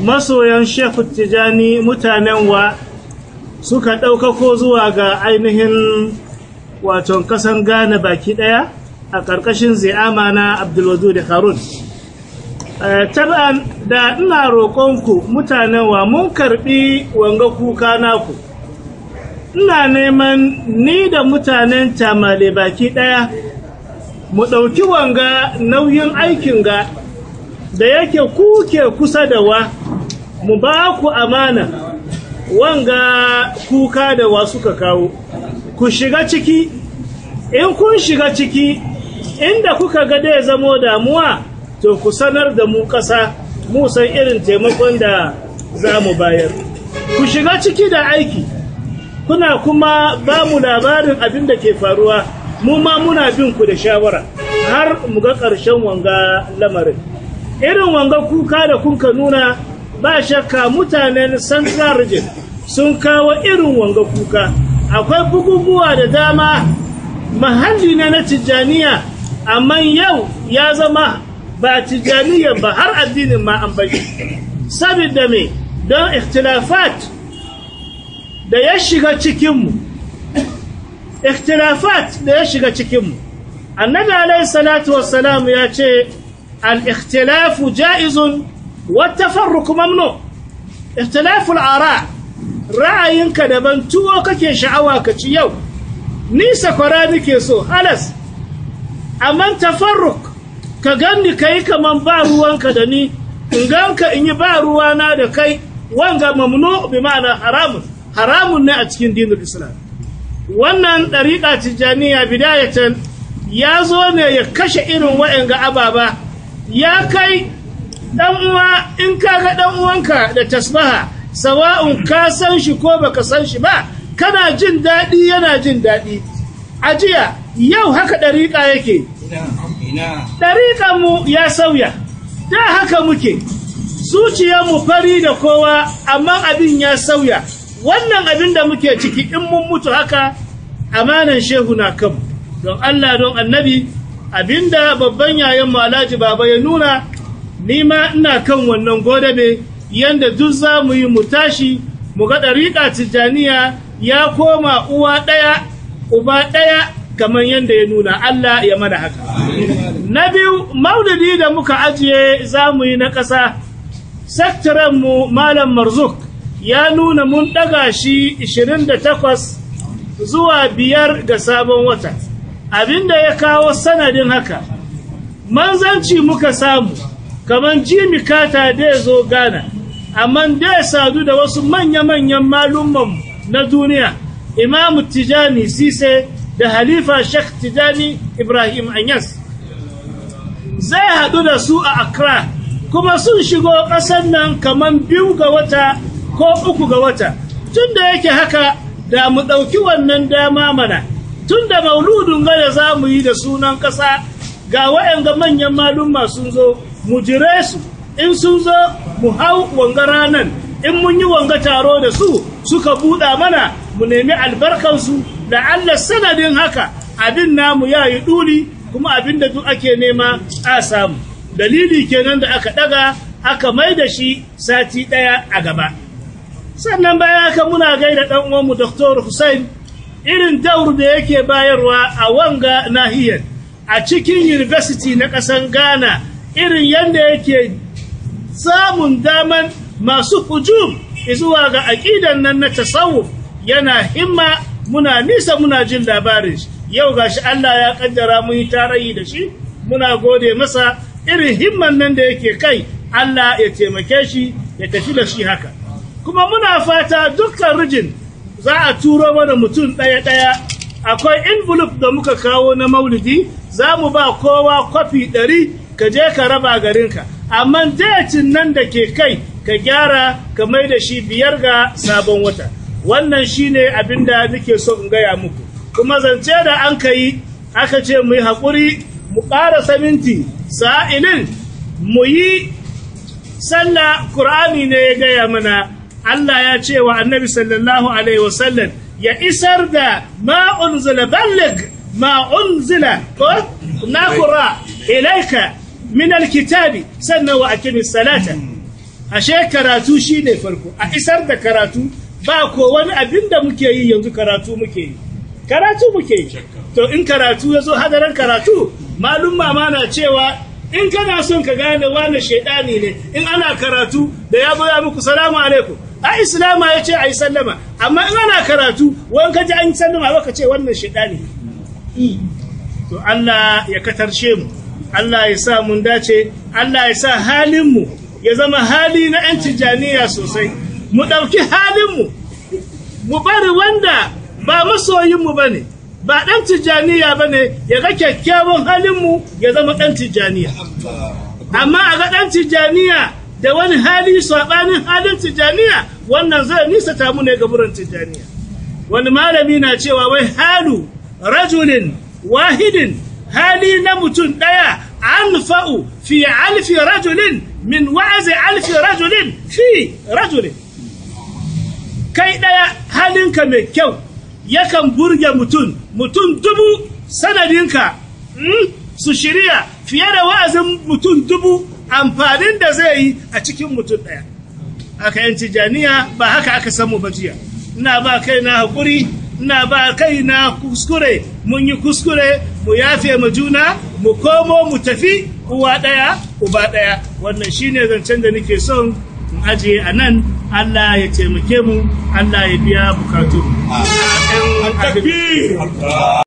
masoyan shehu tijani mutanen wa suka ɗaukako zuwa ga ainihin waton kasan gane baki ɗaya a ƙarƙashin zai na abdulwazu da harun eh, tab'an da ina roƙonku mutanen wa mun karɓi wanga kuka naku ina neman ni da mutanen tamale baki ɗaya mu ɗauki wanga nauyin aikin ga da yake kuke kusa da wa mu ba ku amana wanga kuka da wasu ka kawo ku shiga ciki in kun shiga ciki inda kuka ga dai zamo damuwa to ku sanar da mu ƙasa mu san irin taimakon da za mu bayar ku shiga ciki da aiki kuna kuma ba mu labarin abin da ke faruwa mu ma muna bin ku da shawara har mu ga ƙarshen wanga lamarin irin wanga kuka da kun ka nuna ba shakka mutanen central region sun kawo irin wanga kuka akwai buguguwa da dama mahalli na na tijjaniya amma yau ya zama ba tijjaniya ba har addinin ma an bashi saboda me don ikhtilafat da ya shiga cikinmu ikhtilafat da ya shiga cikinmu annabi alaihi salatu wassalam ya ce al-ikhtilafu ja'izun والتفرق ممنوع اختلاف الآراء ra'ayinka daban tuwo kake sha'awa ka ci yau ni sakwara nake so alas amma tafarruk ka ganni kai kamar ba ruwanka da ni in ganka in yi ba ruwa na da kai wanga mamnu bi ma'ana haramun ne a cikin dinul islam wannan dariqa tijaniya bidayatan ya zo ne ya kashe irin wa'anga ababa ya kai dan uwa in ka ga dan uwanka da tasbaha sawa'un ka san shi ko baka san shi ba kana jin daɗi yana jin daɗi ajiya yau haka ɗariƙa yake ɗariƙan mu ya sauya da haka muke zuciyar mu fari da kowa amma abin ya sauya wannan abin da muke ciki in mun mutu haka amanan shehu na kan don Allah don annabi abinda babban yayan mu Alhaji Baba ya nuna ni ma ina kan wannan godabe yanda duk za mu yi mu tashi mu ga ɗariƙa tijjaniya ya koma uwa ɗaya uba ɗaya kamar yadda ya nuna Allah ya mana haka na biyu maulidi da muka ajiye za mu yi na ƙasa mu malam marzuk ya nuna mun ɗaga shi 28 zuwa biyar ga sabon wata abinda ya kawo sanadin haka manzanci muka samu kamar jimmy carter dai zo gana amma da sadu da wasu manya-manyan malumman na duniya imam tijani sise da halifa sheikh tijani ibrahim anyas zai haɗu da su a accra kuma sun shigo ƙasar nan kamar biyu ga wata ko uku ga wata tunda da yake haka da mu ɗauki wannan dama mana tunda da mauludin gada za mu yi da sunan ƙasa ga ga manyan malumma sun zo mu jire su in sun zo mu hau wanga ranan in mun yi wanga taro da su suka buɗa mana mu nemi albarkansu da Allah sanadin haka abin namu ya yi ɗuri kuma abin da duk ake nema a samu dalili kenan da aka ɗaga aka mai da shi sati ɗaya a gaba sannan bayan haka muna gaida ɗan uwanmu Dr. Hussein irin daur da yake bayarwa a wanga nahiyar a cikin university na ƙasar Ghana irin yadda yake samun daman masu hujum zuwa ga aƙidan nan na tasawuf yana himma muna nisa muna jin labarin shi yau gashi Allah ya kaddara mun yi tarayi da shi muna gode masa irin himman nan da yake kai Allah ya taimake shi ya tafi da shi haka kuma muna fata dukkan rijin za a turo mana mutum ɗaya ɗaya akwai envelope da muka kawo na maulidi za mu ba kowa kwafi ɗari ka je ka raba garinka amma cin nan da ke kai ka gyara ka mai da shi biyar ga sabon wata wannan shine abin da nake so in gaya muku kuma zance da an ka yi aka ce mu yi haƙuri mu ƙara saminti sa'ilin mu yi sallah ƙur'ani ne ya gaya mana Allah ya ce wa annabi sallallahu alaihi wasallam ya isar da ma'unzila ballig ma'unzila ko nakura ilaika min alkitabi sannan wa aqimis salata hmm. ashe karatu shine farko a isar da karatu ba ko wani abin da muke yi yanzu karatu muke yi karatu muke yi to in karatu ya zo karatu malum mama na cewa in kana son ka gane wani shaidani ne in ana karatu da ya zo ya muku salamu alaikum a islama ya ce a yi sallama amma in ana karatu wani ka an yi sallama ba ka ce wannan ne hmm. to Allah ya katarce mu Allah ya sa mun dace Allah ya sa halinmu ya zama hali na 'yan tijaniya sosai mu ɗauki halinmu mu bari wanda ba masoyinmu ba ne ba ɗan tijaniya ba ne ya ga kyakkyawan halinmu ya zama ɗan tijaniya amma a ga ɗan tijaniya da wani hali saɓanin halin tijaniya wannan zai nisa ta mu ne ga buran tijaniya wani malami na cewa wai halu rajulin wahidin hali na mutum ɗaya fa'u fi alfi rajulin min wa'azi alfi rajulin fi rajulin kai ɗaya halinka mai kyau yakan burge mutum mutum dubu sanadinka hmm, su shirya fiye da wa'azin mutum dubu amfanin da zai yi a cikin mutum ɗaya aka yanci janiya ba haka aka samu ba jiya ina ba kai na haƙuri ina ba kai na kuskure mun yi kuskure mu yafe ma juna mu komo mu tafi uwa ɗaya uba ɗaya wannan shine zancen da nake son in ajiye a nan Allah ya taimake mu Allah ya biya bukatu.